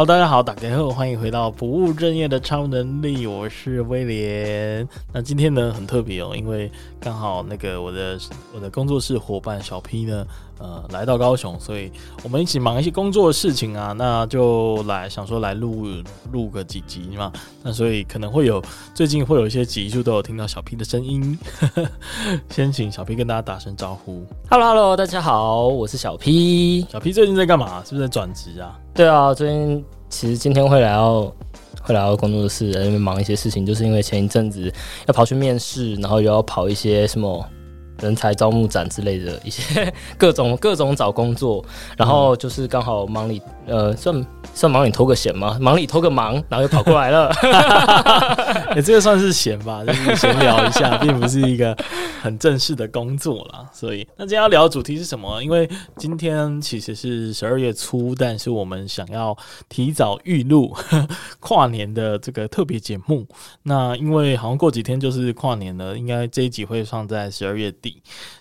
Hello，大家好，打開後歡迎回到不務正業的超能力，我是威廉。那今天呢，很特別哦，因為剛好那個我的我的工作室伙伴小 P 呢。呃，來到高雄，所以我們一起忙一些工作的事情啊，那就來想說，來錄錄個幾集嘛。那所以可能會有最近會有一些集數都有聽到小 P 的聲音，先請小 P 跟大家打聲招呼。Hello Hello，大家好，我是小 P。小 P 最近在幹嘛，是不是在轉職啊？對啊，最近其實今天會來到會來到工作室，因為忙一些事情，就是因為前一陣子要跑去面試，然後又要跑一些什麼。人才招募展之類的一些各種各種，找工作，然後就是剛好忙裡呃，算算忙裡偷個閒嗎？忙裡偷個忙，然後就跑過來了。 欸、這個算是閒吧，就是閒聊一下， 並不是一個很正式的工作啦。所以，那今天要聊的主題是什麼？因為今天其實是十二月初，但是我們想要提早預錄跨年的這個特別節目。那因為好像過幾天就是跨年了，應該這一集會放在十二月底。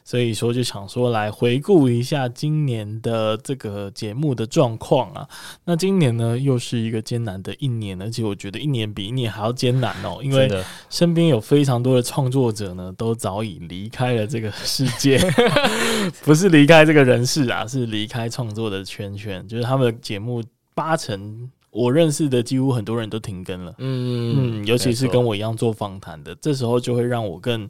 所以說，就想說來回顧一下今年的這個節目的狀況啊。那今年呢，又是一個艱難的一年，而且我覺得一年比一年還要艱難哦。因為身邊有非常多的創作者呢，都早已離開了這個世界， 不是離開這個人世啊，是離開創作的圈圈。就是他們的節目八成我認識的，幾乎很多人都停更了。嗯，嗯尤其是跟我一樣做訪談的，這時候就會讓我更。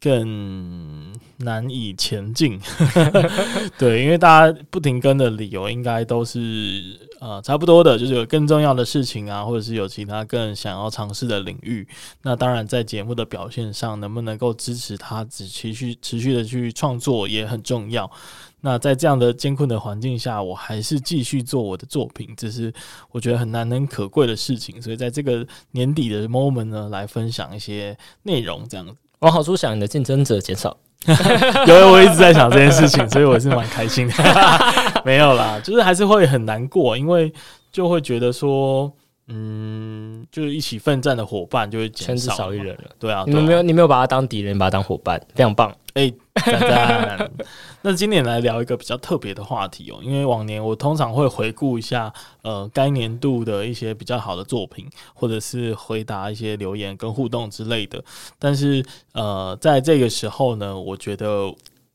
更難以前進 對，因為大家不停更的理由，應該都是呃差不多的，就是有更重要的事情啊，或者是有其他更想要嘗試的領域。那當然，在節目的表現上，能不能夠支持他，只持續持續的去創作也很重要。那在這樣的艱困的環境下，我還是繼續做我的作品，這是我覺得很難能可貴的事情。所以在這個年底的 moment 呢，來分享一些內容，這樣子。往好處想，你的競爭者減少。因 為我一直在想這件事情，所以我是蠻開心的。 沒有啦，就是還是會很難過，因為就會覺得說，嗯，就是一起奮戰的夥伴就會減少少一人了。對啊，你們沒有，你沒有把他當敵人，你把他當夥伴，非常棒。哎、欸，讚讚！ 那今年來聊一個比較特別的話題哦，因為往年我通常會回顧一下，呃，該年度的一些比較好的作品，或者是回答一些留言跟互動之類的。但是，呃，在這個時候呢，我覺得，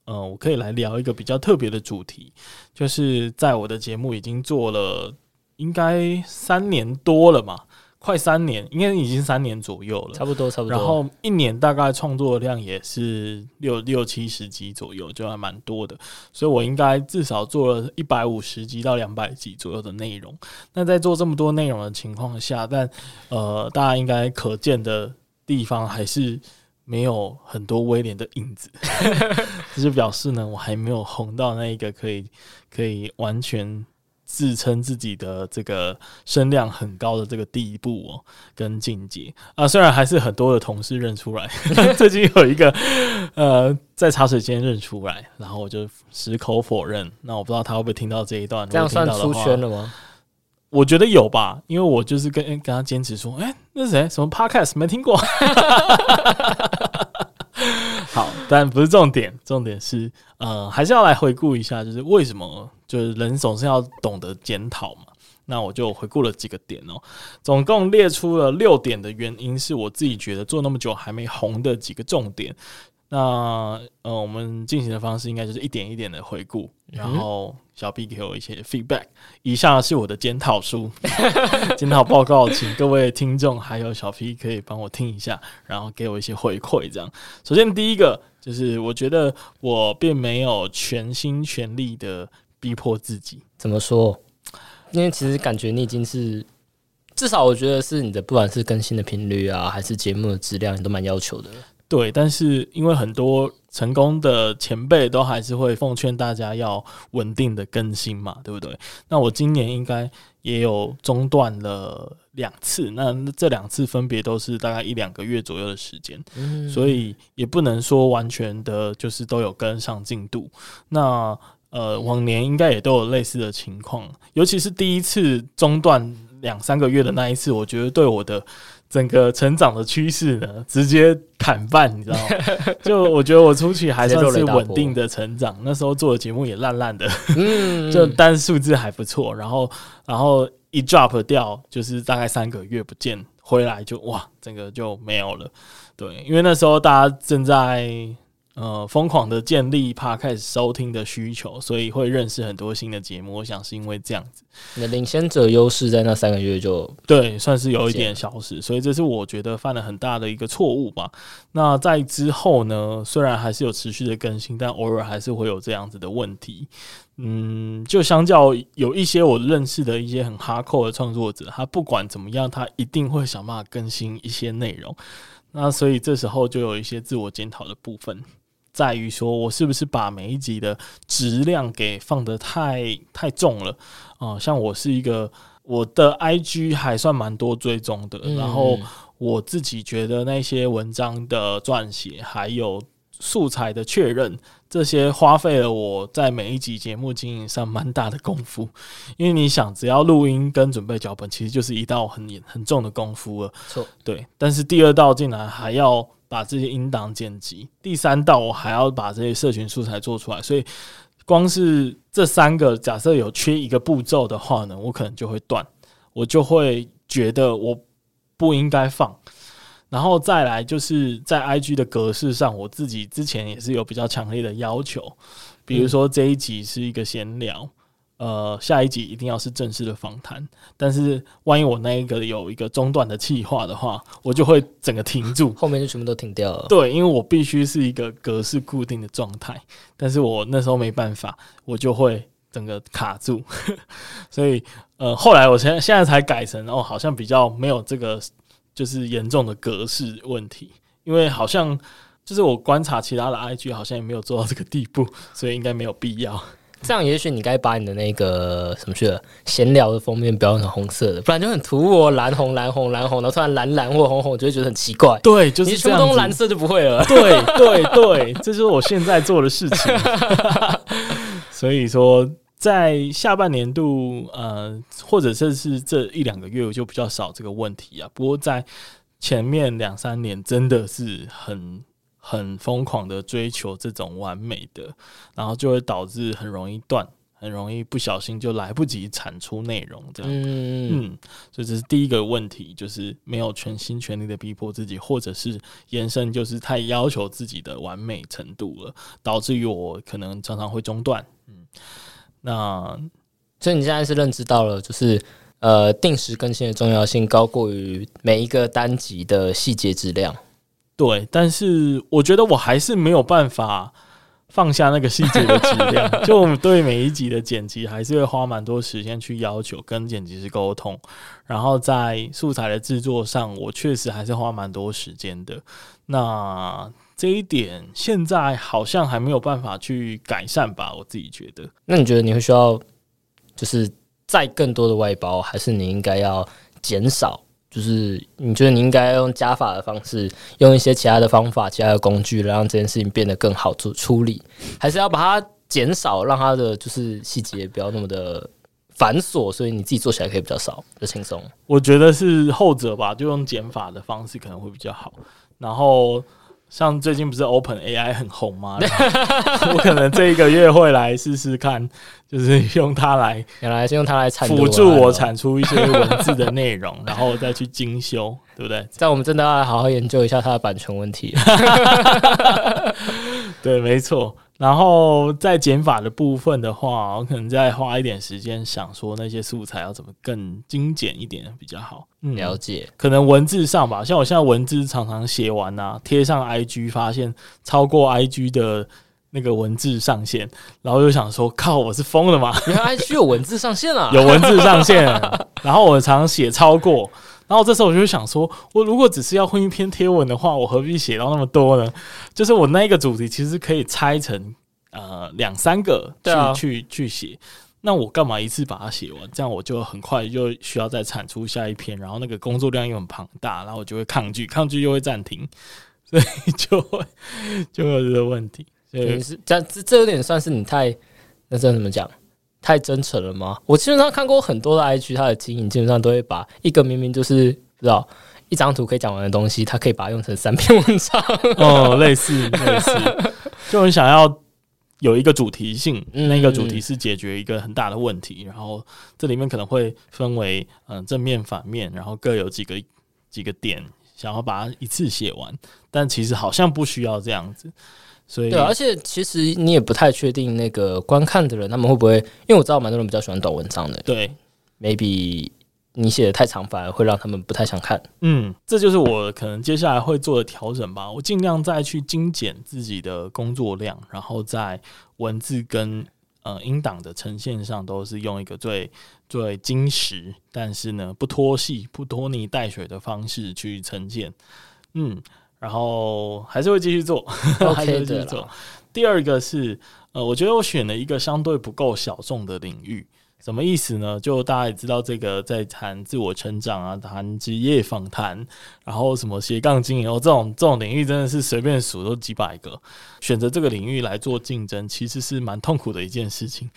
呃，我可以來聊一個比較特別的主題，就是在我的節目已經做了應該三年多了嘛。快三年，應該已經三年左右了，差不多差不多。然後一年大概創作量也是六六七十集左右，就還蠻多的。所以我應該至少做了一百五十集到兩百集左右的內容。那在做這麼多內容的情況下，但呃，大家應該可見的地方還是沒有很多威廉的影子， 只是表示呢，我還沒有紅到那一個可以可以完全。自稱自己的這個聲量很高的這個地步哦、喔，跟境界啊，雖然還是很多的同事認出來 最近有一個呃在茶水間認出來，然後我就矢口否認。那我不知道他會不會聽到這一段，這樣算出圈了嗎？我覺得有吧，因為我就是跟跟他堅持說，哎，那是誰？什麼 podcast 沒聽過？ 好，但不是重點，重點是呃，還是要來回顧一下，就是為什麼。就是人總是要懂得檢討嘛，那我就回顧了幾個點哦、喔，總共列出了六點的原因，是我自己覺得做那麼久還沒紅的幾個重點。那呃，我們進行的方式應該就是一點一點的回顧，然後小 P 給我一些 feedback、嗯。以下是我的檢討書、檢 討報告，請各位聽眾 還有小 P 可以幫我聽一下，然後給我一些回饋。這樣，首先第一個就是我覺得我並沒有全心全力的。逼迫自己怎麼說？因為其實感覺你已經是至少，我覺得是你的，不管是更新的頻率啊，還是節目的質量，你都蠻要求的。對，但是因為很多成功的前輩都還是會奉勸大家要穩定的更新嘛，對不對？那我今年應該也有中斷了兩次，那這兩次分別都是大概一兩個月左右的時間，嗯，所以也不能說完全的就是都有跟上進度。那呃，往年應該也都有類似的情況，尤其是第一次中斷兩三個月的那一次，我覺得對我的整個成長的趨勢呢，直接砍半，你知道嗎？就我覺得我出去還算是穩定的成長， 那時候做的節目也爛爛的，嗯嗯嗯 就單數字還不錯。然後，然後一 drop 掉，就是大概三個月不見，回來就哇，整個就沒有了。對，因為那時候大家正在。呃，瘋狂的建立 Podcast 收聽的需求，所以會認識很多新的節目。我想是因為這樣子，那領先者優勢在那三個月就對，算是有一點消失。所以這是我覺得犯了很大的一個錯誤吧。那在之後呢，雖然還是有持續的更新，但偶爾還是會有這樣子的問題。嗯，就相較有一些我認識的一些很哈扣的創作者，他不管怎麼樣，他一定會想辦法更新一些內容。那所以這時候就有一些自我檢討的部分。在於說，我是不是把每一集的質量給放得太太重了啊、呃，像我是一個，我的 IG 還算蠻多追蹤的，然後我自己覺得那些文章的撰寫，還有素材的確認，這些花費了我在每一集節目經營上蠻大的功夫。因為你想，只要錄音跟準備腳本，其實就是一道很很重的功夫了。錯，對，但是第二道竟然還要。把這些音檔剪輯，第三道我還要把這些社群素材做出來，所以光是這三個，假設有缺一個步驟的話呢，我可能就會斷，我就會覺得我不應該放。然後再來就是在 IG 的格式上，我自己之前也是有比較強烈的要求，比如說這一集是一個閒聊。嗯呃，下一集一定要是正式的訪談，但是萬一我那一個有一個中斷的計劃的話，我就會整個停住，後面就什麼都停掉了。對，因為我必須是一個格式固定的狀態，但是我那時候沒辦法，我就會整個卡住。 所以呃，後來我現在現在才改成哦，好像比較沒有這個就是嚴重的格式問題，因為好像就是我觀察其他的 I G 好像也沒有做到這個地步，所以應該沒有必要。這樣也許你該把你的那個什麼去了閒聊的封面標成紅色的，不然就很突兀哦，藍紅藍紅藍紅的，突然藍藍或紅紅，我就會覺得很奇怪。對，就是這樣，藍色就不會了對。對對對，對 這是我現在做的事情。 所以說，在下半年度呃，或者甚至是這一兩個月，我就比較少這個問題啊。不過在前面兩三年，真的是很，很瘋狂的追求這種完美的，然後就會導致很容易斷，很容易不小心就來不及產出內容這樣嗯。嗯，所以這是第一個問題，就是沒有全心全力的逼迫自己，或者是延伸就是太要求自己的完美程度了，導致於我可能常常會中斷。嗯，那所以你現在是認知到了，就是呃定時更新的重要性高過於每一個單集的細節質量。對，但是我覺得我還是沒有辦法放下那個細節的質量， 就對每一集的剪輯還是會花蠻多時間去要求跟剪輯師溝通，然後在素材的製作上，我確實還是花蠻多時間的。那這一點現在好像還沒有辦法去改善吧？我自己覺得，那你覺得你會需要就是再更多的外包，還是你應該要減少？就是你覺得你應該用加法的方式，用一些其他的方法、其他的工具，讓這件事情變得更好做處理，還是要把它減少，讓它的就是細節不要那麼的繁瑣，所以你自己做起來可以比較少，比較輕鬆。我覺得是後者吧，就用減法的方式可能會比較好。然後。像最近不是 Open AI 很紅嗎？ 我可能這一個月會來試試看，就是用它來，原來是用它來產出，輔助我產出一些文字的內容， 然後再去精修，對不對？但我們真的要來好好研究一下它的版權問題。 對，沒錯。然後在減法的部分的話，我可能再花一點時間想說那些素材要怎麼更精簡一點比較好，嗯。了解，可能文字上吧，像我現在文字常常寫完啊，貼上 IG 發現超過 IG 的那個文字上限，然後又想說靠，我是瘋了嗎？你看 IG 有文字上限啊， 有文字上限， 然後我常寫超過。然後這時候我就想說，我如果只是要混一篇貼文的話，我何必寫到那麼多呢？就是我那個主題其實可以拆成呃兩三個去，對啊，去去寫，那我幹嘛一次把它寫完？這樣我就很快就需要再產出下一篇，然後那個工作量又很龐大，然後我就會抗拒，抗拒又會暫停，所以就會就會有這個問題。所以是這這有點算是你太那這怎麼講？太真誠了嗎？我基本上看過很多的 IG，它的經營基本上都會把一個明明就是不知道一張圖可以講完的東西，它可以把它用成三篇文章。哦， 類似類似，就很想要有一個主題性，那個主題是解決一個很大的問題，嗯、然後這裡面可能會分為嗯、呃、正面、反面，然後各有幾個幾個點，想要把它一次寫完，但其實好像不需要這樣子。對，而且其實你也不太確定那個觀看的人他們會不會，因為我知道蠻多人比較喜歡短文章的。對，maybe 你寫的太長，反而會讓他們不太想看。嗯，這就是我可能接下來會做的調整吧。我盡量再去精簡自己的工作量，然後在文字跟呃音檔的呈現上，都是用一個最最精實，但是呢不拖戲、不拖泥帶水的方式去呈現。嗯。然後還是會繼續做，okay, 還是會繼續做。第二個是，呃，我覺得我選了一個相對不夠小眾的領域，什麼意思呢？就大家也知道，這個在談自我成長啊，談職業訪談，然後什麼斜槓經營，這種這種領域真的是隨便數都幾百個。選擇這個領域來做競爭，其實是蠻痛苦的一件事情，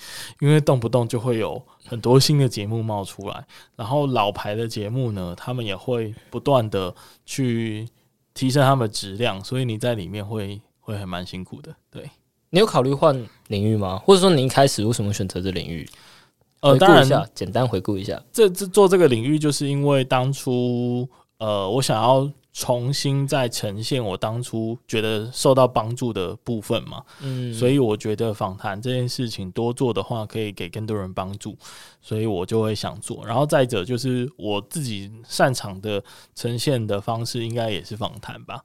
因為動不動就會有很多新的節目冒出來，然後老牌的節目呢，他們也會不斷的去。提升他們質量，所以你在裡面會會還蠻辛苦的。對你有考慮換領域嗎？或者說你一開始為什麼選擇這領域？呃，當然，簡單回顧一下，這這做這個領域就是因為當初呃，我想要。重新再呈現我當初覺得受到幫助的部分嘛，嗯，所以我覺得訪談這件事情多做的話，可以給更多人幫助，所以我就會想做。然後再者就是我自己擅長的呈現的方式，應該也是訪談吧，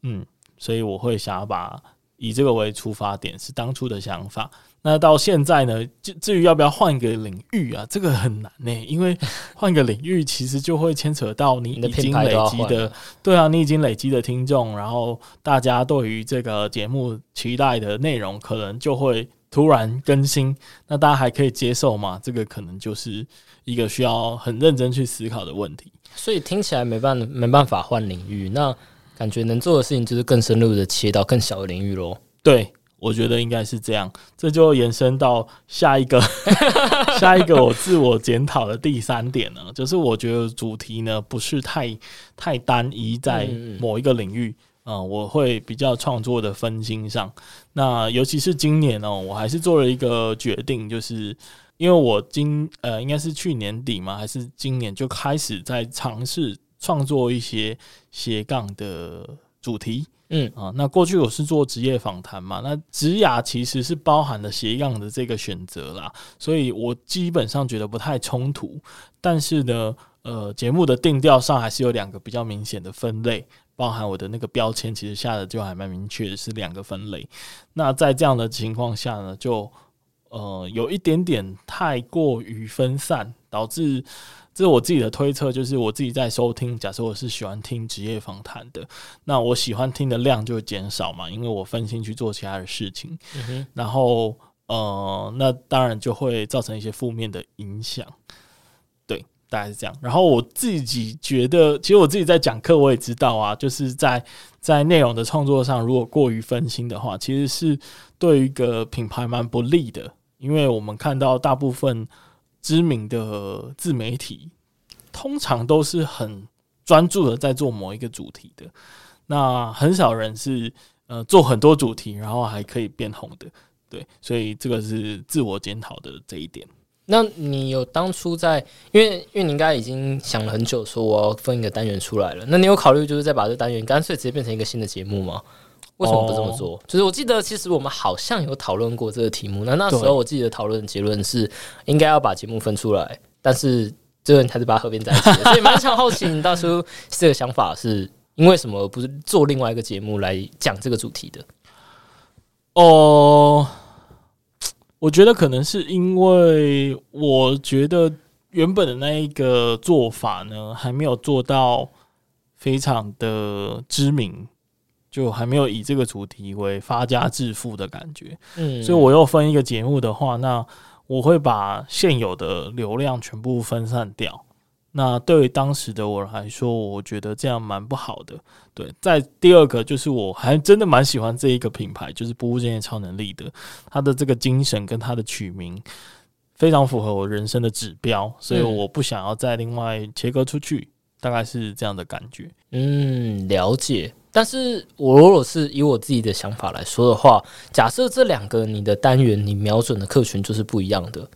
嗯，所以我會想要把。以這個為出發點是當初的想法，那到現在呢？就至至於要不要換一個領域啊？這個很難呢、欸，因為換一個領域其實就會牽扯到你已經累積的， 的，對啊，你已經累積的聽眾，然後大家對於這個節目期待的內容，可能就會突然更新，那大家還可以接受嗎？這個可能就是一個需要很認真去思考的問題。所以聽起來沒辦沒辦法換領域那。感覺能做的事情就是更深入的切到更小的領域咯。對，我覺得應該是這樣。這就延伸到下一個， 下一個我自我檢討的第三點呢， 就是我覺得主題呢不是太太單一在某一個領域啊、嗯嗯呃，我會比較創作的分心上。那尤其是今年呢、喔，我還是做了一個決定，就是因為我今呃應該是去年底嘛，還是今年就開始在嘗試。創作一些斜槓的主題，嗯啊，那過去我是做職業訪談嘛，那職涯其實是包含了斜槓的這個選擇啦，所以我基本上覺得不太衝突。但是呢，呃，節目的定調上還是有兩個比較明顯的分類，包含我的那個標籤，其實下的就還蠻明確，是兩個分類。那在這樣的情況下呢，就呃有一點點太過於分散，導致。這是我自己的推測，就是我自己在收聽。假設我是喜歡聽職業訪談的，那我喜歡聽的量就減少嘛，因為我分心去做其他的事情。嗯、然後，呃，那當然就會造成一些負面的影響。對，大概是這樣。然後我自己覺得，其實我自己在講課，我也知道啊，就是在在內容的創作上，如果過於分心的話，其實是對於一個品牌蠻不利的，因為我們看到大部分。知名的自媒體通常都是很專注的在做某一個主題的，那很少人是呃做很多主題然後還可以變紅的，對，所以這個是自我檢討的這一點。那你有當初在，因為因為你應該已經想了很久，說我要分一個單元出來了，那你有考慮就是再把這單元乾脆直接變成一個新的節目嗎？為什麼不這麼做？Oh. 就是我記得，其實我們好像有討論過這個題目。那那時候我記得討論的結論是應該要把節目分出來，但是最後還是把它合併在一起的。 所以蠻想好奇，你當初這個想法是因為什麼？不是做另外一個節目來講這個主題的？哦，oh，我覺得可能是因為我覺得原本的那一個做法呢，還沒有做到非常的知名。就還沒有以這個主題為發家致富的感覺，嗯，所以我又分一個節目的話，那我會把現有的流量全部分散掉。那對於當時的我來說，我覺得這樣蠻不好的。對，在第二個就是，我還真的蠻喜歡這一個品牌，就是不務正業超能力的，他的這個精神跟他的取名非常符合我人生的指標，所以我不想要再另外切割出去，嗯，大概是這樣的感覺。嗯，了解。但是我如果是以我自己的想法來說的話，假設這兩個你的單元你瞄準的客群就是不一樣的，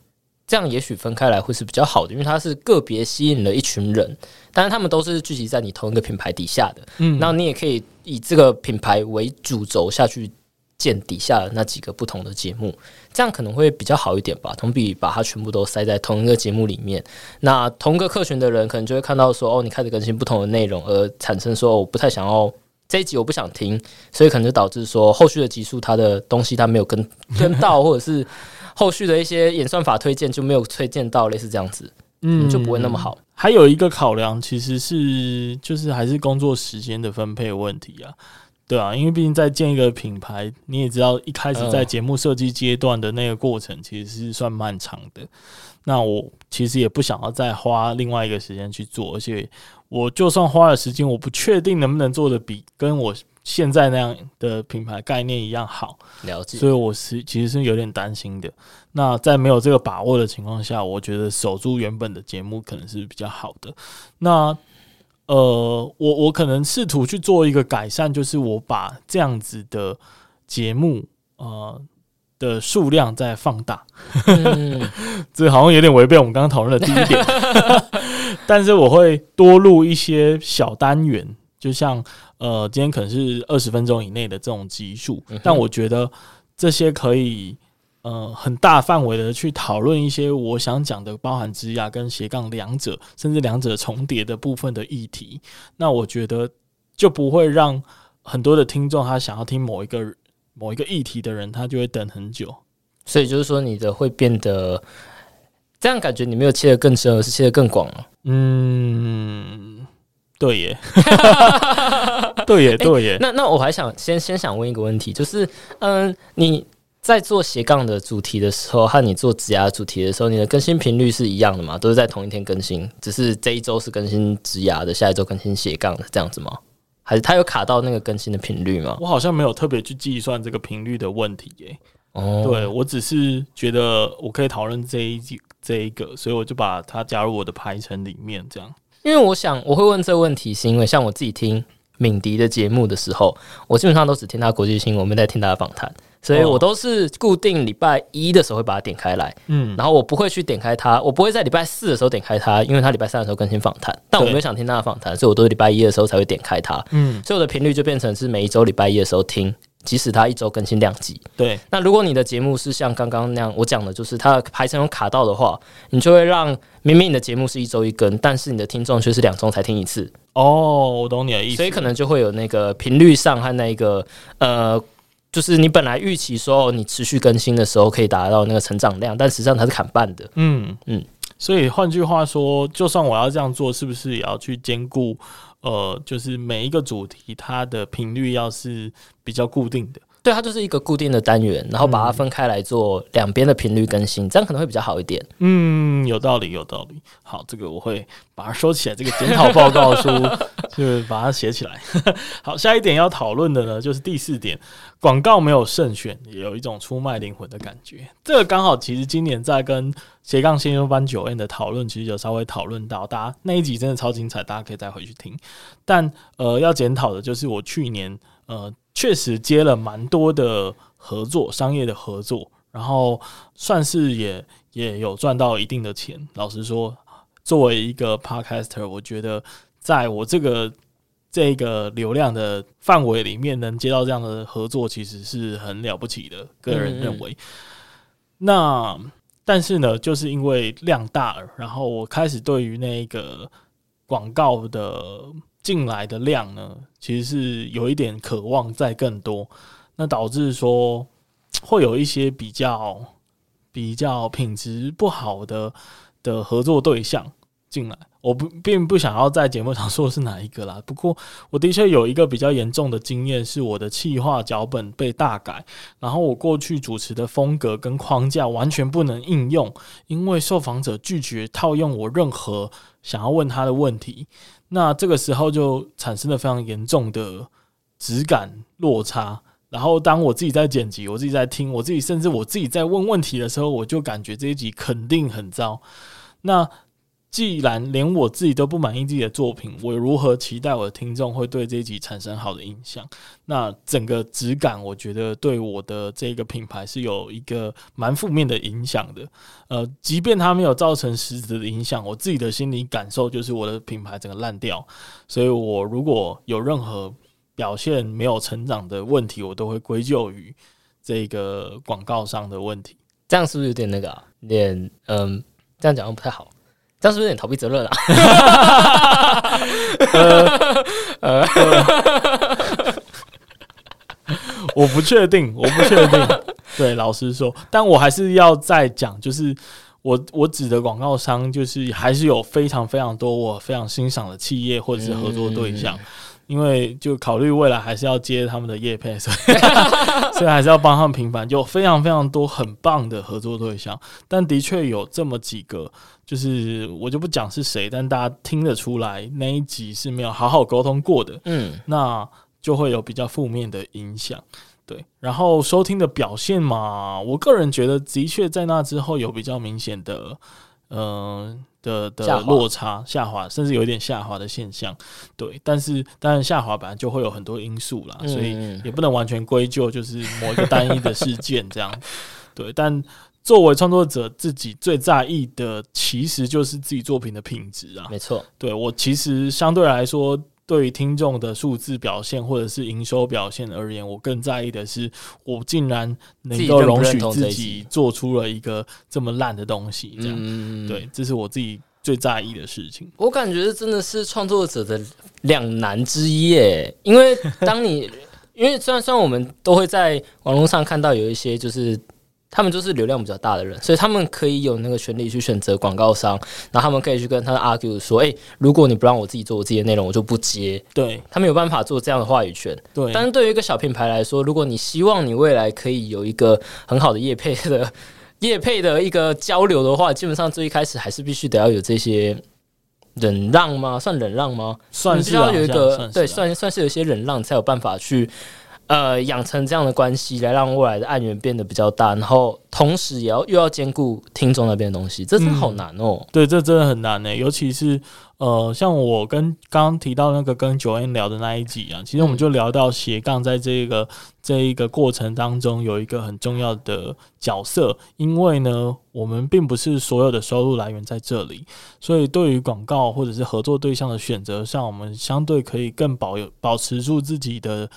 這樣也許分開來會是比較好的，因為它是個別吸引了一群人，但是他們都是聚集在你同一個品牌底下的，嗯，那你也可以以這個品牌為主軸下去建底下的那幾個不同的節目，這樣可能會比較好一點吧。同比把它全部都塞在同一個節目裡面，那同一個客群的人可能就會看到說哦，你開始更新不同的內容，而產生說我不太想要。這一集我不想聽，所以可能就導致說後續的集數，它的東西它沒有跟跟到， 或者是後續的一些演算法推薦就沒有推薦到，類似這樣子，嗯，就不會那麼好。還有一個考量其實是，就是還是工作時間的分配問題啊。對啊，因為畢竟在建一個品牌，你也知道一開始在節目設計階段的那個過程其實是算漫長的。那我其實也不想要再花另外一個時間去做，而且我就算花了時間，我不確定能不能做得比跟我現在那樣的品牌概念一樣好。了解，所以我是其實是有點擔心的。那在沒有這個把握的情況下，我覺得守住原本的節目可能是比較好的。那。呃，我我可能試圖去做一個改善，就是我把這樣子的節目呃的數量再放大，嗯， 這好像有點違背我們剛剛討論的第一點 但是我會多錄一些小單元，就像呃今天可能是二十分鐘以內的這種集數，嗯，但我覺得這些可以。呃，很大範圍的去討論一些我想講的，包含職涯跟斜槓兩者，甚至兩者重疊的部分的議題。那我覺得就不會讓很多的聽眾他想要聽某一個某一個議題的人，他就會等很久。所以就是說，你的會變得這樣，感覺你沒有切得更深，而是切得更廣了啊。嗯，對耶， 對耶，對耶。欸、那那我還想先先想問一個問題，就是嗯、呃，你。在做斜槓的主題的時候，和你做職涯主題的時候，你的更新頻率是一樣的嗎？都是在同一天更新，只是這一周是更新職涯的，下一周更新斜槓的這樣子嗎？還是它有卡到那個更新的頻率嗎？我好像沒有特別去計算這個頻率的問題耶、欸。哦、oh，對我只是覺得我可以討論這一這一個，所以我就把它加入我的排程裡面這樣。因為我想我會問這個問題，是因為像我自己聽。敏迪的節目的時候，我基本上都只聽他國際新聞，我沒在聽他的訪談，所以我都是固定禮拜一的時候會把它點開來，哦，嗯，然後我不會去點開它，我不會在禮拜四的時候點開它，因為它禮拜三的時候更新訪談，但我沒有想聽他的訪談，所以我都是禮拜一的時候才會點開它，嗯，所以我的頻率就變成是每一週禮拜一的時候聽，即使他一週更新兩集，對。那如果你的節目是像剛剛那樣我講的，就是他的排程有卡到的話，你就會讓明明你的節目是一週一更，但是你的聽眾卻是兩週才聽一次。哦，我懂你的意思，所以可能就會有那個頻率上和那個呃，就是你本來預期說你持續更新的時候可以達到那個成長量，但實際上它是砍半的。嗯嗯，所以換句話說，就算我要這樣做，是不是也要去兼顧呃，就是每一個主題它的頻率要是比較固定的？對，它就是一個固定的單元，然後把它分開來做兩邊的頻率更新、嗯，這樣可能會比較好一點。嗯，有道理，有道理。好，這個我會把它收起來，這個檢討報告書 就是把它寫起來。 好，下一點要討論的呢，就是第四點，廣告沒有慎選，也有一種出賣靈魂的感覺。這個剛好其實今年在跟斜槓新秀班九 N 的討論，其實有稍微討論到，大家那一集真的超精彩，大家可以再回去聽。但呃，要檢討的就是我去年呃。確實接了蠻多的合作，商業的合作，然後算是也、也有賺到一定的錢。老實說，作為一個 podcaster，我覺得在我這個這個流量的範圍裡面，能接到這樣的合作，其實是很了不起的，個人認為。嗯、那但是呢，就是因為量大，然後我開始對於那個廣告的。進來的量呢，其實是有一點渴望再更多，那導致說會有一些比較比較品質不好的的合作對象進來。我不並不想要在節目上說是哪一個啦，不過我的確有一個比較嚴重的經驗，是我的企劃腳本被大改，然後我過去主持的風格跟框架完全不能應用，因為受訪者拒絕套用我任何想要問他的問題。那這個時候就產生了非常嚴重的質感落差。然後當我自己在剪輯，我自己在聽，我自己甚至我自己在問問題的時候，我就感覺這一集肯定很糟。那既然連我自己都不滿意自己的作品，我如何期待我的聽眾會對這一集產生好的印象？那整個質感，我覺得對我的這個品牌是有一個蠻負面的影響的。呃，即便它沒有造成實質的影響，我自己的心理感受就是我的品牌整個爛掉。所以我如果有任何表現沒有成長的問題，我都會歸咎於這個廣告商的問題。這樣是不是有點那個、啊？點嗯，這樣講的不太好。這樣是不是有點逃避責任了啊？ 呃呃， 我不確定，我不確定。 對，老實說，但我還是要再講，就是我我指的廣告商，就是還是有非常非常多我非常欣賞的企業或者是合作的對象。嗯因為就考慮未來還是要接他們的業配，所以 所以還是要幫他們平反，就非常非常多很棒的合作對象，但的確有這麼幾個，就是我就不講是誰，但大家聽得出來那一集是沒有好好溝通過的。嗯，那就會有比較負面的影響。對，然後收聽的表現嘛，我個人覺得的確在那之後有比較明顯的。嗯、呃、的的落差下滑，下滑，甚至有一點下滑的現象，對。但是當然下滑，本來就會有很多因素啦，嗯、所以也不能完全歸咎就是某一個單一的事件這樣。 對，但作為創作者自己最在意的，其實就是自己作品的品質啦。沒錯，對我其實相對來說。對於聽眾的數字表現或者是營收表現而言，我更在意的是，我竟然能夠容許自己做出了一個這麼爛的東西，這樣、嗯、對，這是我自己最在意的事情。我感覺真的是創作者的兩難之一耶，因為當你 因為雖然雖然我們都會在網絡上看到有一些就是。他們就是流量比較大的人，所以他們可以有那個權利去選擇廣告商，然後他們可以去跟他的 argue 說：“哎、欸，如果你不讓我自己做我自己的內容，我就不接。”對，他們有辦法做這樣的話語權。對，但是對於一個小品牌來說，如果你希望你未來可以有一個很好的業配的業配的一個交流的話，基本上最一開始還是必須得要有這些忍讓嗎？算忍讓嗎？算是、啊，是要有一個、啊、對，算算是有一些忍讓，才有辦法去。呃，養成這樣的關係，來讓未來的案源變得比較大，然後同時也要又要兼顧聽眾那邊的東西，這是真的好難哦、喔嗯。對，這真的很難呢、欸。尤其是呃，像我跟剛剛提到那個跟九 N 聊的那一集啊，其實我們就聊到斜槓、這個嗯，在這個這一個過程當中有一個很重要的角色，因為呢，我們並不是所有的收入來源在這裡，所以對於廣告或者是合作對象的選擇上，我們相對可以更保有保持住自己的。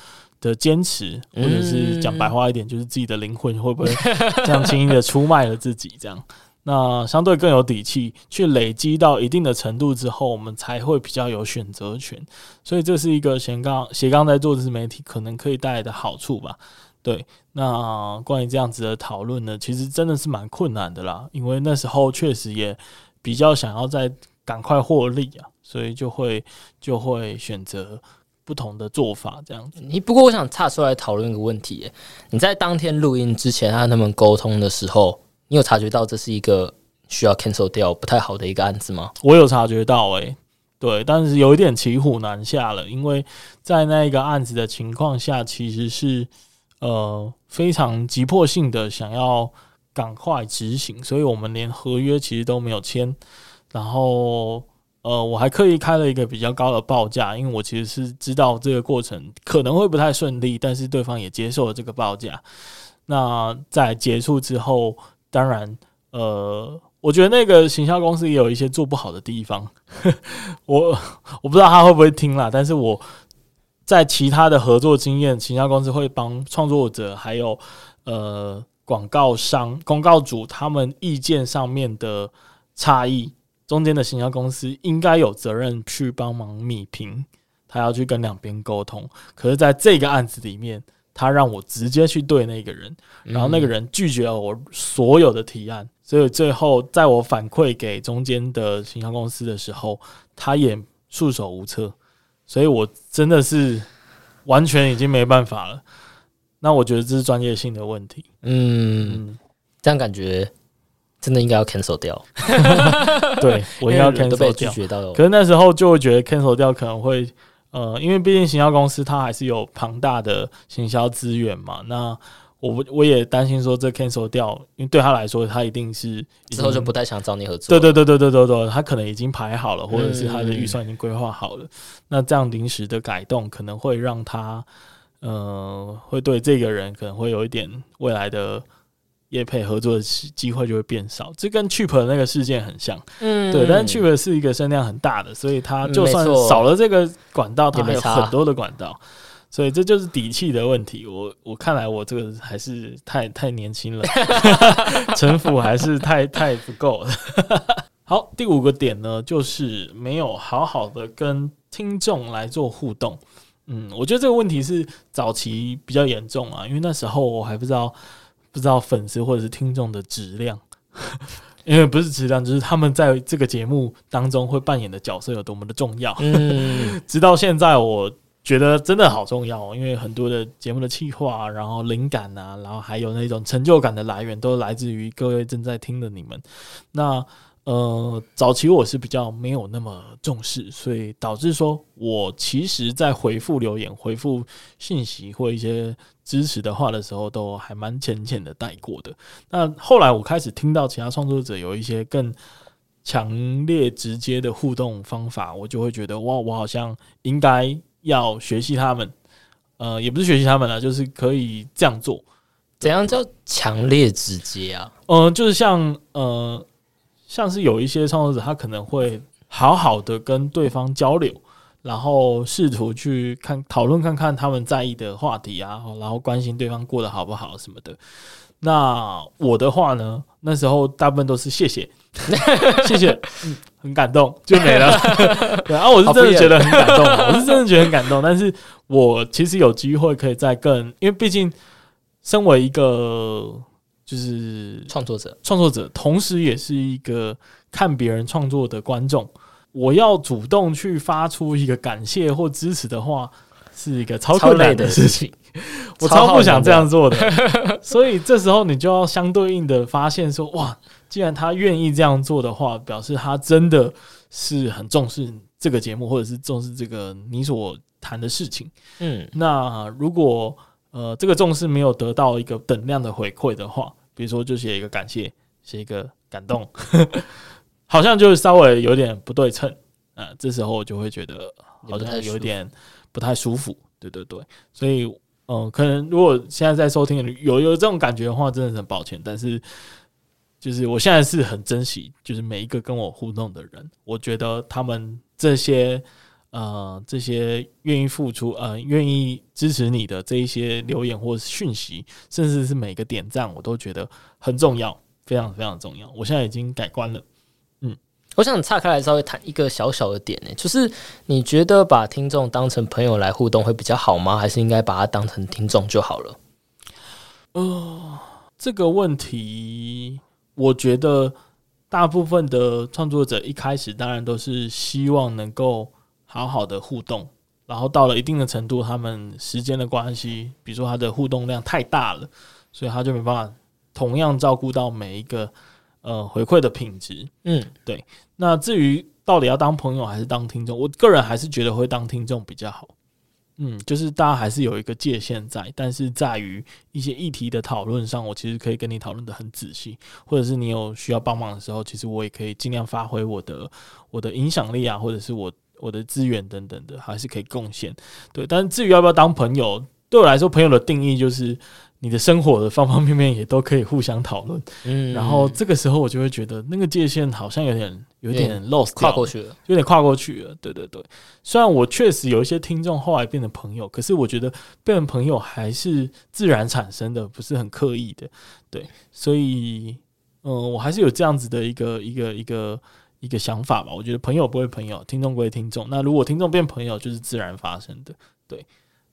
的堅持，或者是講白話一點，嗯，就是自己的靈魂會不會這樣輕易的出賣了自己？這樣， 那相對更有底氣，去累積到一定的程度之後，我們才會比較有選擇權。所以，這是一個斜槓斜槓在做自媒體可能可以帶來的好處吧？對。那關於這樣子的討論呢，其實真的是蠻困難的啦，因為那時候確實也比較想要再趕快獲利啊，所以就會就會選擇。不同的做法，這樣子。你不過我想岔出來討論一個問題：欸，你在當天錄音之前和他們溝通的時候，你有察覺到這是一個需要 cancel 掉不太好的一個案子嗎？我有察覺到，誒，對，但是有一點騎虎難下了，因為在那個案子的情況下，其實是呃非常急迫性的想要趕快執行，所以我們連合約其實都沒有簽，然後。呃，我還刻意開了一個比較高的報價，因為我其實是知道這個過程可能會不太順利，但是對方也接受了這個報價。那在結束之後，當然，呃，我覺得那個行銷公司也有一些做不好的地方。 我我不知道他會不會聽啦，但是我在其他的合作經驗，行銷公司會幫創作者還有呃廣告商、廣告主他們意見上面的差異。中間的行銷公司應該有責任去幫忙彌平，他要去跟兩邊溝通。可是，在這個案子裡面，他讓我直接去對那個人，然後那個人拒絕了我所有的提案。嗯、所以，最後在我反饋給中間的行銷公司的時候，他也束手無策。所以我真的是完全已經沒辦法了。那我覺得這是專業性的問題。嗯，嗯，這樣感覺。真的應該要 cancel 掉 對，對，我應該要 cancel 掉。可是那時候就會覺得 cancel 掉可能會，呃，因為畢竟行銷公司它還是有龐大的行銷資源嘛。那我我也擔心說這 cancel 掉，因為對他來說他一定是之後就不太想找你合作。對對對對對對對，對，他可能已經排好了，或者是他的預算已經規劃好了。那這樣臨時的改動可能會讓他，呃，會對這個人可能會有一點未來的。業配合作的機會就會變少，這跟 Cheap 那個事件很像，嗯，對。但是 Cheap 是一個聲量很大的，所以他就算少了這個管道，他還有很多的管道，啊、所以這就是底氣的問題。我我看來我這個還是太太年輕了， 城府還是太太不夠。 好，第五個點呢，就是沒有好好的跟聽眾來做互動。嗯，我覺得這個問題是早期比較嚴重啊，因為那時候我還不知道。不知道粉絲或者是聽眾的質量， 因為不是質量，就是他們在這個節目當中會扮演的角色有多麼的重要。 直到現在，我覺得真的好重要，因為很多的節目的企劃，然後靈感啊，然後還有那種成就感的來源，都來自於各位正在聽的你們。那呃，早期我是比較沒有那麼重視，所以導致說我其實在回復留言、回復信息，或一些。支持的話的時候都還蠻淺淺的帶過的。那後來我開始聽到其他創作者有一些更強烈直接的互動方法，我就會覺得哇，我好像應該要學習他們。呃，也不是學習他們啊，就是可以這樣做。怎樣叫強烈直接啊？嗯、呃，就是像呃，像是有一些創作者，他可能會好好的跟對方交流。然後試圖去看討論，看看他們在意的話題啊，然後關心對方過得好不好什麼的。那我的話呢？那時候大部分都是謝謝， 謝謝，嗯，很感動 就沒了。 對啊，我是真的覺得很感動，我是真的覺得很感動。 但是我其實有機會可以再更，因為畢竟身為一個就是創作者，創作者同時也是一個看別人創作的觀眾。我要主動去發出一個感謝或支持的話，是一個超困難的事情，我超不想這樣做的。所以這時候你就要相對應的發現說：“哇，既然他願意這樣做的話，表示他真的是很重視這個節目，或者是重視這個你所談的事情。”嗯，嗯、那如果呃這個重視沒有得到一個等量的回饋的話，比如說就寫一個感謝，寫一個感動、嗯。 好像就是稍微有點不對稱，呃，這時候我就會覺得好像有點不太舒服，對對對，所以，嗯，可能如果現在在收聽有有這種感覺的話，真的很抱歉。但是，就是我現在是很珍惜，就是每一個跟我互動的人，我覺得他們這些呃這些願意付出呃願意支持你的這一些留言或者訊息，甚至是每個點讚，我都覺得很重要，非常非常重要。我現在已經改觀了。我想岔開來稍微談一個小小的點呢，就是你覺得把聽眾當成朋友來互動會比較好嗎？還是應該把它當成聽眾就好了？呃，這個問題，我覺得大部分的創作者一開始當然都是希望能夠好好的互動，然後到了一定的程度，他們時間的關係，比如說他的互動量太大了，所以他就沒辦法同樣照顧到每一個。呃，回饋的品質，嗯，對。那至於到底要當朋友還是當聽眾，我個人還是覺得會當聽眾比較好。嗯，就是大家還是有一個界限在，但是在於一些議題的討論上，我其實可以跟你討論得很仔細，或者是你有需要幫忙的時候，其實我也可以盡量發揮我的我的影響力啊，或者是我我的資源等等的，還是可以貢獻。對，但至於要不要當朋友，對我來說，朋友的定義就是。你的生活的方方面面也都可以互相討論，嗯，然後這個時候我就會覺得那個界限好像有點有點 lost、欸、跨過去了，有點跨過去了，對對對。雖然我確實有一些聽眾後來變成朋友，可是我覺得變成朋友還是自然產生的，不是很刻意的，對。所以，嗯、呃，我還是有這樣子的一個一個一個一個想法吧。我覺得朋友歸朋友，聽眾歸聽眾。那如果聽眾變朋友，就是自然發生的，對。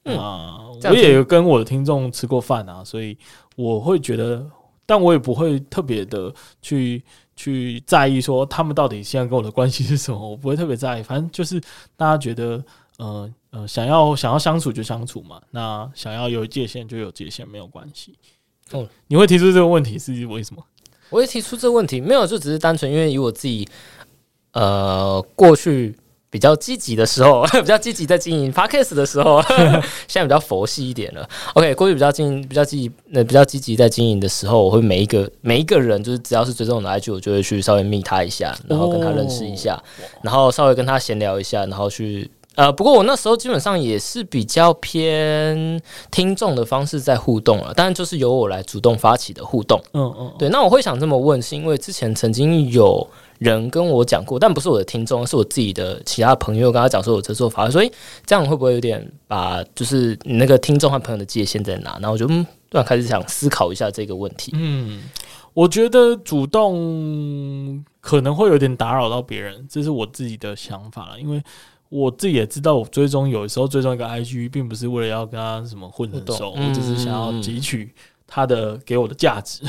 嗯、啊，我也有跟我的聽眾吃過飯啊，所以我會覺得，但我也不會特別的去去在意說他們到底現在跟我的關係是什麼，我不會特別在意，反正就是大家覺得，呃呃，想要想要相處就相處嘛，那想要有界限就有界限，沒有關係。哦、嗯，你會提出這個問題是為什麼？我會提出這個問題，沒有就只是單純因為以我自己，呃，過去。比較積極的時候，比較積極在經營 podcast 的時候 現在比較佛系一點了。OK，過去比較經營，比較積極，那比較積極在經營的時候，我會每一個每一個人，就是只要是追蹤我的 I G，我就會去稍微密他一下，然後跟他認識一下，然後稍微跟他閒聊一下，然後去呃，不過我那時候基本上也是比較偏聽眾的方式在互動了，但就是由我來主動發起的互動。嗯嗯，對。那我會想這麼問，是因為之前曾經有。人跟我講過，但不是我的聽眾，是我自己的其他朋友。我跟他講說我這做法，所以這樣會不會有點把就是你那個聽眾和朋友的界限在哪？然後我就嗯，突然開始想思考一下這個問題。嗯，我覺得主動可能會有點打擾到別人，這是我自己的想法了。因為我自己也知道，我追蹤有時候追蹤一個 IG，並不是為了要跟他什麼混動、嗯，我只是想要汲取、嗯。他的給我的價值，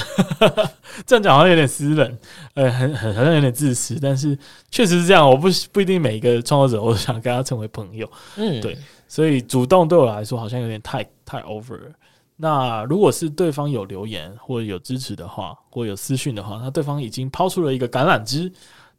這樣講好像有點私人，呃，很很好像有點自私，但是確實是這樣。我不不一定每一個創作者，我都想跟他成為朋友，嗯，對，所以主動對我來說好像有點太太 over 了。那如果是對方有留言或有支持的話，或有私訊的話，那對方已經拋出了一個橄欖枝，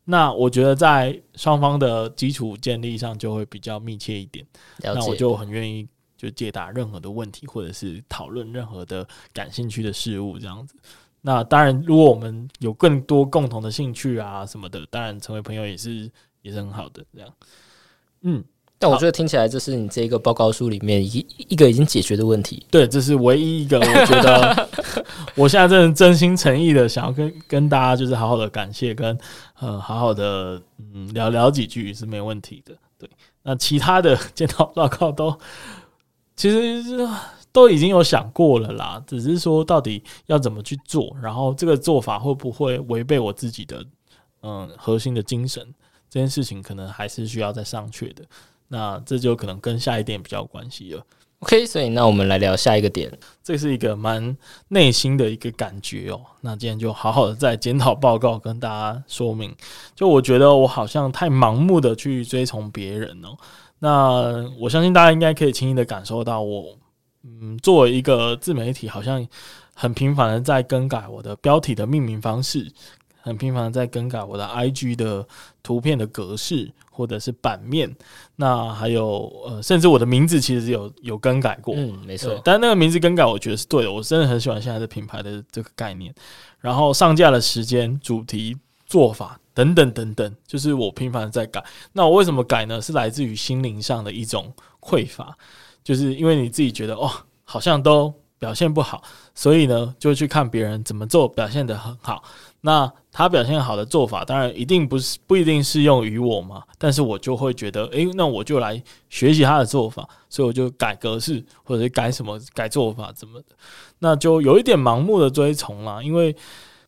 那我覺得在雙方的基礎建立上就會比較密切一點，那我就很願意。就解答任何的問題，或者是討論任何的感興趣的事物，這樣子。那當然，如果我們有更多共同的興趣啊什麼的，當然成為朋友也是也是很好的。這樣，嗯，但我覺得聽起來，這是你這個報告書裡面一一個已經解決的問題。對，這是唯一一個我覺得我現在真的真心誠意的想要跟 跟大家就是好好的感謝跟，跟、嗯、好好的嗯聊聊幾句是沒問題的。對，那其他的檢討報告都。其實都已經有想過了啦，只是說到底要怎麼去做，然後這個做法會不會違背我自己的嗯核心的精神，這件事情可能還是需要再商榷的。那這就可能跟下一點比較有關係了。OK，所以那我們來聊下一個點，這是一個蠻內心的一個感覺哦。那今天就好好的在檢討報告跟大家說明，就我覺得我好像太盲目的去追從別人哦。那我相信大家應該可以輕易的感受到我，我嗯作為一個自媒體，好像很頻繁的在更改我的標題的命名方式，很頻繁的在更改我的 IG 的圖片的格式或者是版面。那還有呃，甚至我的名字其實有有更改過，嗯，沒錯。但那個名字更改我覺得是對的，我真的很喜歡現在的品牌的這個概念。然後上架的時間、主題、做法。等等等等，就是我頻繁的在改。那我為什麼改呢？是來自於心靈上的一種匱乏，就是因為你自己覺得哦，好像都表現不好，所以呢，就去看別人怎麼做表現得很好。那他表現好的做法，當然一定不是不一定適用於我嘛。但是我就會覺得，誒、欸，那我就來學習他的做法，所以我就改格式，或者改什麼改做法，怎麼的，那就有一點盲目的追從了，因為。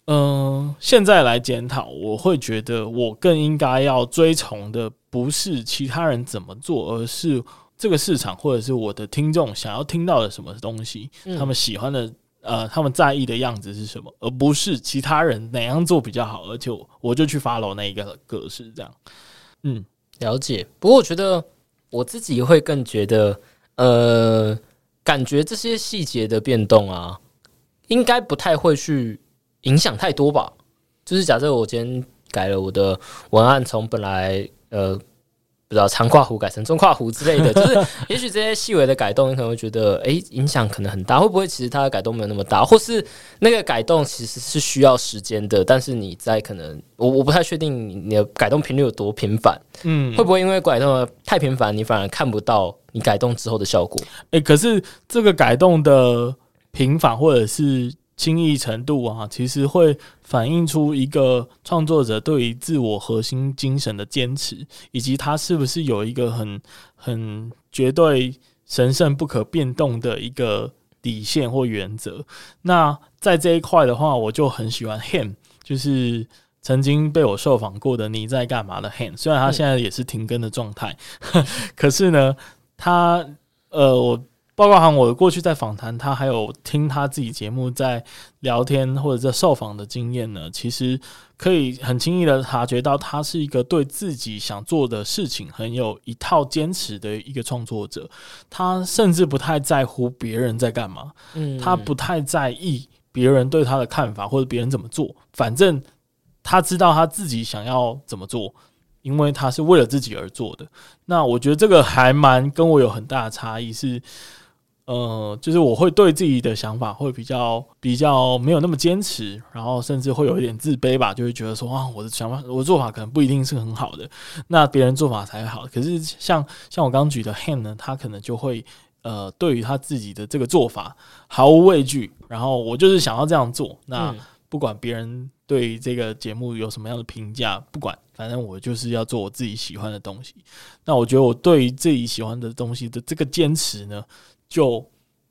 嗯、呃，現在來檢討，我會覺得我更應該要追從的不是其他人怎麼做，而是這個市場或者是我的聽眾想要聽到的什麼東西，嗯、他們喜歡的呃，他們在意的樣子是什麼，而不是其他人哪樣做比較好，而且我，我就去發 o 那一個格式這樣。嗯，了解。不過我覺得我自己會更覺得，呃，感覺這些細節的變動啊，應該不太會去影響太多吧？就是假設我今天改了我的文案，從本來呃不知道長跨弧，改成中跨弧之類的， 就是也許這些細微的改動，你可能會覺得誒、欸，影響可能很大。會不會其實它的改動沒有那麼大，或是那個改動其實是需要時間的？但是你在可能我我不太確定你的改動頻率有多頻繁，嗯，會不會因為改動太頻繁，你反而看不到你改動之後的效果？誒、欸。可是這個改動的頻繁，或者是？輕易程度啊，其實會反映出一個創作者對於自我核心精神的堅持，以及他是不是有一個很很絕對神聖不可變動的一個底線或原則。那在這一塊的話，我就很喜歡 Ham，就是曾經被我受訪過的你在幹嘛的 Ham，雖然他現在也是停更的狀態，嗯、 可是呢，他呃我。包括，我過去在訪談他，還有聽他自己節目在聊天或者在受訪的經驗呢，其實可以很輕易的察覺到，他是一個對自己想做的事情很有一套堅持的一個創作者。他甚至不太在乎別人在幹嘛，嗯，他不太在意別人對他的看法或者別人怎麼做，反正他知道他自己想要怎麼做，因為他是為了自己而做的。那我覺得這個還蠻跟我有很大的差異是。呃，就是我會對自己的想法會比較比較沒有那麼堅持，然後甚至會有一點自卑吧，就會覺得說啊，我的想法、我的做法可能不一定是很好的，那別人做法才好。可是像像我剛舉的 Han 呢，他可能就會呃，對於他自己的這個做法毫無畏懼，然後我就是想要這樣做，那不管別人對這個節目有什麼樣的評價，不管，反正我就是要做我自己喜歡的東西。那我覺得我對於自己喜歡的東西的這個堅持呢，就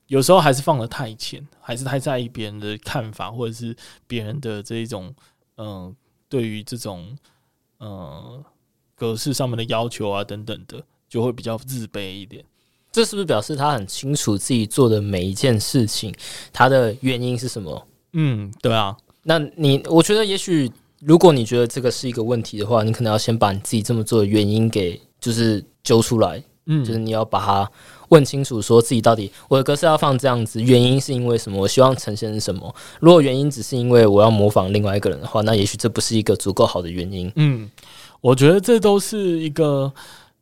有時候還是放得太淺，還是太在意別人的看法，或者是別人的這一種嗯、呃，對於這種嗯、呃、格式上面的要求啊等等的，就會比較自卑一點。這是不是表示他很清楚自己做的每一件事情，他的原因是什麼？嗯，對啊。那你我覺得，也許如果你覺得這個是一個問題的話，你可能要先把你自己這麼做的原因給就是揪出來，嗯，就是你要把它。問清楚說，自己到底我的格式要放這樣子，原因是因為什麼？我希望呈現什麼？如果原因只是因為我要模仿另外一個人的話，那也許這不是一個足夠好的原因。嗯，我覺得這都是一個，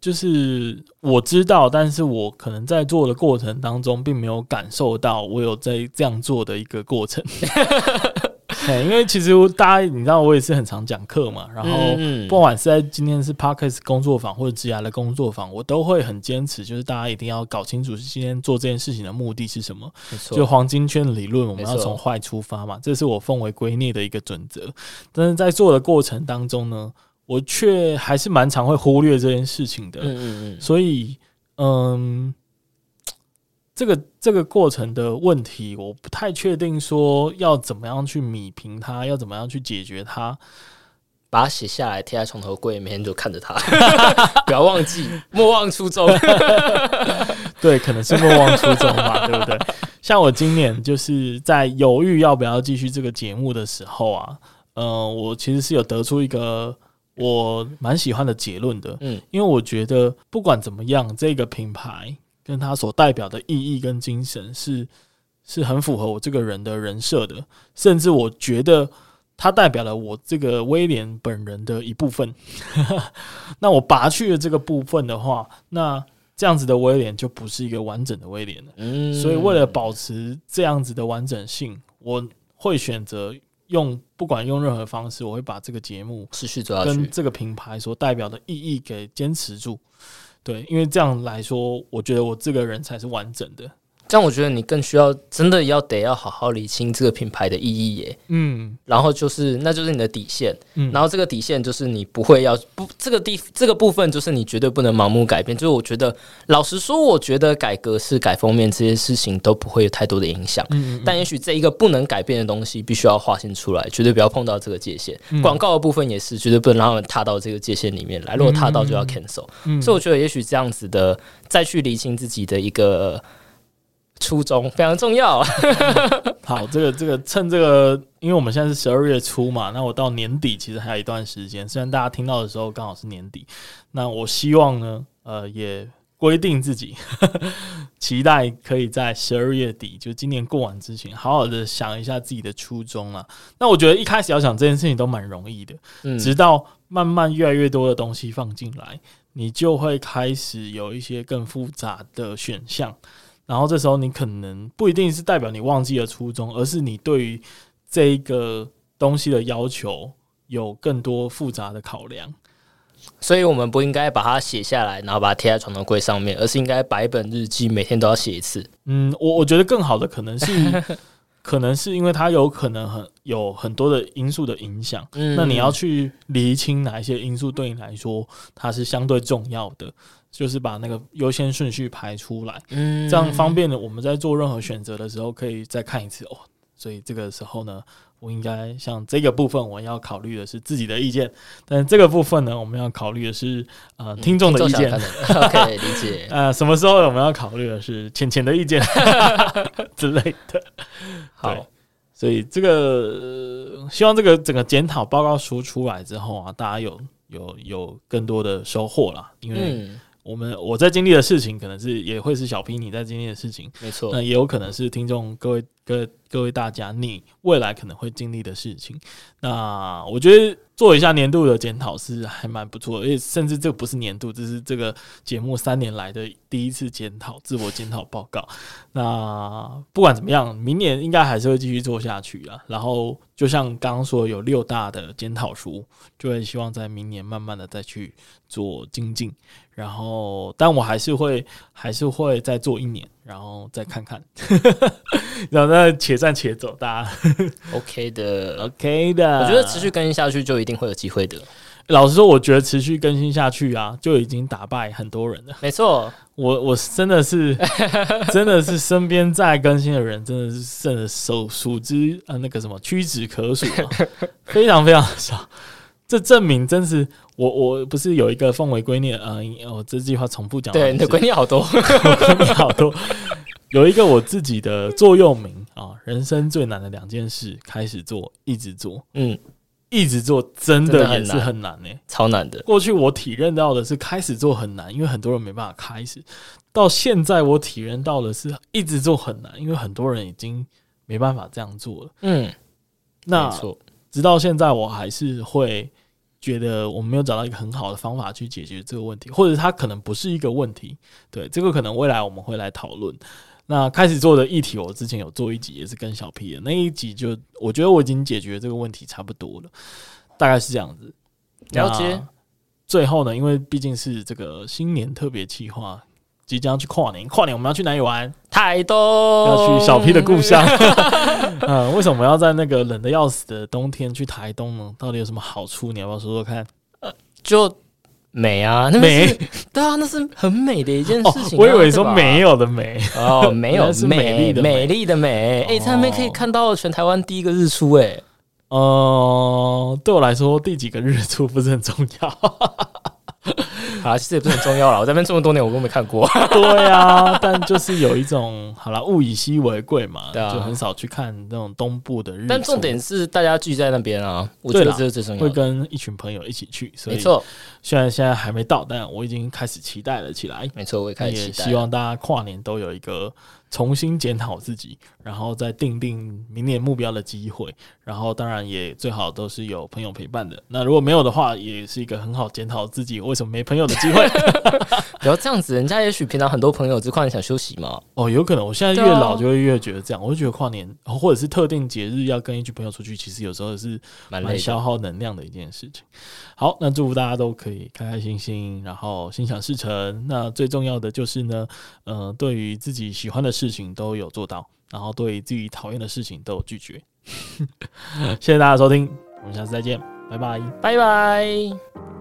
就是我知道，但是我可能在做的過程當中，並沒有感受到我有在這樣做的一個過程。 hey, 因為其實大家你知道，我也是很常講課嘛。然後，不管是在今天是 Parkes 工作坊或者職涯的工作坊，我都會很堅持，就是大家一定要搞清楚今天做這件事情的目的是什麼。沒錯，就黃金圈理論，我們要從壞出發嘛，這是我奉為圭臬的一個準則。但是在做的過程當中呢，我卻還是蠻常會忽略這件事情的。嗯嗯嗯。所以，嗯。這個這個過程的問題，我不太確定說要怎麼樣去弭平它，要怎麼樣去解決它，把它寫下來貼在床頭櫃，每天就看着它， 不要忘記 莫忘初衷。 對，可能是莫忘初衷吧， 對不對？像我今年就是在猶豫要不要繼續這個節目的時候啊，嗯、呃，我其實是有得出一個我蠻喜歡的結論的，嗯，因為我覺得不管怎麼樣，這個品牌。跟他所代表的意義跟精神是，是很符合我這個人的人設的，甚至我覺得他代表了我這個威廉本人的一部分。 那我拔去了這個部分的話，那這樣子的威廉就不是一個完整的威廉了。所以為了保持這樣子的完整性，我會選擇用不管用任何方式，我會把這個節目持續跟這個品牌所代表的意義給堅持住。對，因為這樣來說，我覺得我這個人才是完整的。但我覺得你更需要真的要得要好好理清這個品牌的意義耶。嗯，然後就是那就是你的底線，嗯，然後這個底線就是你不會要不這個地這個部分就是你絕對不能盲目改變。就是我覺得老實說，我覺得改革是改封面這些事情都不會有太多的影響，嗯嗯，但也許這一個不能改變的東西必須要劃線出來，絕對不要碰到這個界限，嗯。廣告的部分也是絕對不能讓他們踏到這個界限裡面來，如果踏到就要 cancel，嗯嗯。所以我覺得也許這樣子的再去理清自己的一個。初衷非常重要。 好，這個這個趁這個，因為我們現在是十二月初嘛，那我到年底其實還有一段時間。雖然大家聽到的時候剛好是年底，那我希望呢，呃，也規定自己，呵呵，期待可以在十二月底，就今年過完之前，好好的想一下自己的初衷啊。那我覺得一開始要想這件事情都蠻容易的，嗯，直到慢慢越來越多的東西放進來，你就會開始有一些更複雜的選項。然後這時候你可能不一定是代表你忘記了初衷，而是你對於這一個東西的要求有更多複雜的考量。所以我們不應該把它寫下來，然後把它貼在床頭櫃上面，而是應該擺一本日記，每天都要寫一次。嗯，我我覺得更好的可能是。 可能是因為它有可能很有很多的因素的影響，嗯，那你要去釐清哪一些因素對你來說它是相對重要的，就是把那個優先順序排出來，嗯，這樣方便的我們在做任何選擇的時候可以再看一次哦。所以這個時候呢，我應該像這個部分，我要考慮的是自己的意見。但這個部分呢，我們要考慮的是呃、嗯、聽眾的意見。 OK，理解。啊、呃、什麼時候我們要考慮的是淺淺的意見 之類的對。好，所以這個、呃、希望這個整個檢討報告書出來之後啊，大家有有有更多的收穫啦，因為、嗯。我們我在經歷的事情，可能是也會是小 P 你在經歷的事情沒，沒錯。那也有可能是聽眾各位、各位各位大家，你未來可能會經歷的事情。那我覺得做一下年度的檢討是還蠻不錯的，因為甚至這不是年度，這是這個節目三年來的第一次檢討、自我檢討報告。那不管怎麼樣，明年應該還是會繼續做下去啊。然後就像剛剛說，有六大的檢討書，就會希望在明年慢慢的再去做精進。然後，但我還是會還是會再做一年，然後再看看，呵呵然後再且戰且走，大家呵呵 OK 的，OK 的。我覺得持續更新下去就一定會有機會的。老實說，我覺得持續更新下去啊，就已經打敗很多人了。沒錯，我我真的是真的是身邊在更新的人， 真的是剩的手數之呃、啊、那個什麼屈指可數、啊， 非常非常少。這證明真是我，我不是有一個奉為圭臬啊！我這句話重複講。對，你的觀念好多， 你好多。有一個我自己的座右銘啊：人生最難的兩件事，開始做，一直做。嗯，一直做真的也是很難誒，超難的。過去我體認到的是開始做很難，因為很多人沒辦法開始；到現在我體認到的是一直做很難，因為很多人已經沒辦法這樣做了。嗯，那沒錯，直到現在我還是會。覺得我們沒有找到一個很好的方法去解決這個問題，或者它可能不是一個問題。對，這個可能未來我們會來討論。那開始做的議題，我之前有做一集，也是跟小 P 的那一集，就我覺得我已經解決這個問題差不多了，大概是這樣子。了解。最後呢，因為畢竟是這個新年特別企劃。即將去跨年，跨年我們要去哪裡玩？台東，要去小 P 的故鄉。嗯，為什麼要在那個冷得要死的冬天去台東呢？到底有什麼好處？你要不要說說看？就美啊，那是美，對啊，那是很美的一件事情，啊哦。我以為說沒有的美哦，哦，沒有 是美麗的美麗的美。哎，那，欸，邊，欸、可以看到全台灣第一個日出，欸，哎，哦，對我來說第幾個日出不是很重要。 好啦，其實也不是很重要了。我在這邊這麼多年，我都沒看過。 對呀、啊，但就是有一種，好了，物以稀為貴嘛、啊，就很少去看那種東部的日出。但重點是大家聚在那邊啊，我覺得這是最重要。會跟一群朋友一起去，所以沒錯，雖然現在還沒到，但我已經開始期待了起來。沒錯，我也開始期待，也希望大家跨年都有一個。重新檢討自己，然後再定定明年目標的機會。然後當然也最好都是有朋友陪伴的。那如果沒有的話，也是一個很好檢討自己為什麼沒朋友的機會。然 後 這樣子，人家也許平常很多朋友，就是跨年想休息嘛。哦，有可能。我現在越老就會越覺得這樣，我就覺得跨年或者是特定節日要跟一群朋友出去，其實有時候也是蠻消耗能量的一件事情。好，那祝福大家都可以開開心心、嗯，然後心想事成。那最重要的就是呢，呃，對於自己喜歡的。事。事情都有做到，然後對自己討厭的事情都有拒絕。 謝謝大家的收聽，我們下次再見，拜拜，拜拜。